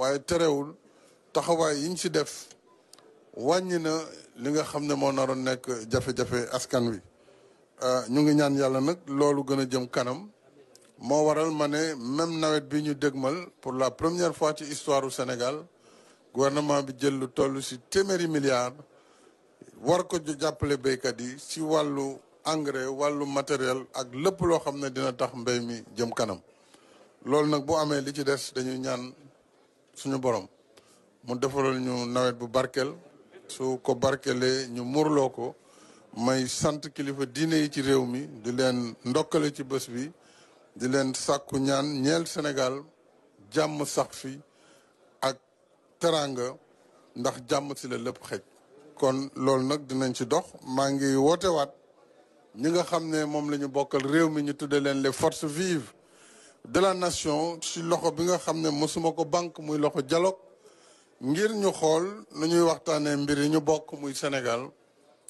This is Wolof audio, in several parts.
waaye terewul taxawaay yiñ si def wàññi na li nga xam ne moo naroon nekk jafe-jafe askan wi euh, ñu ngi ñaan yàlla nag loolu gën a jëm kanam moo waral ma ne même nawet bi ñu dégmal pour la première fois ci histoire du Sénégal gouvernement bi jël lu toll ci téeméeri milliards war ko jàppale béykat yi si wàllu engrais wàllu matériel ak lépp loo xam ne dina tax mbéy mi jëm kanam loolu nag bu amee li ci des dañuy ñaan suñu borom mu defaral ñu nawet bu barkeel su ko barkelee ñu murloo ko may sant kilifa diine yi ci réew mi di leen ndokkale ci bés bi di leen sàkku ñaan ñeel Sénégal jàmm sax fi ak teraanga ndax jàmm si la lépp xej kon loolu nag dinañ ci dox maa ngi wootewaat ñi nga xam ne moom la ñu bokkal réew mi ñu tudde leen le force vives de la nation loxo bi nga xam ne mosuma ko bank muy loxo dialogue ngir ñu xool nu ñuy waxtaanee mbir yi ñu bokk muy Sénégal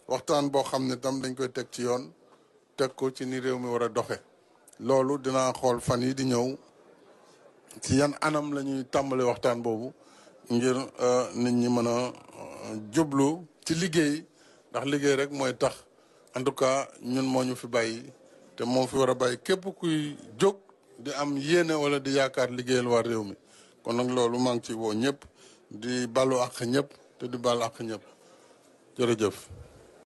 waxtaan boo xam ne tam dañ koy teg ci yoon teg ko ci ni réew mi war a doxe loolu dinaa xool fan yi di ñëw ci yan anam la ñuy tàmbali waxtaan boobu ngir euh, nit ñi mën a euh, jublu ci liggéey ndax liggéey rek mooy tax en tout cas ñun moo ñu fi bàyyi te moo fi war a bàyyi képp kuy jóg di am yéene wala di yaakaar liggéeyal waa réew mi kon nag loolu maa ngi ci woo ñëpp di balu ak ñëpp te di balu ak ñëpp jërëjëf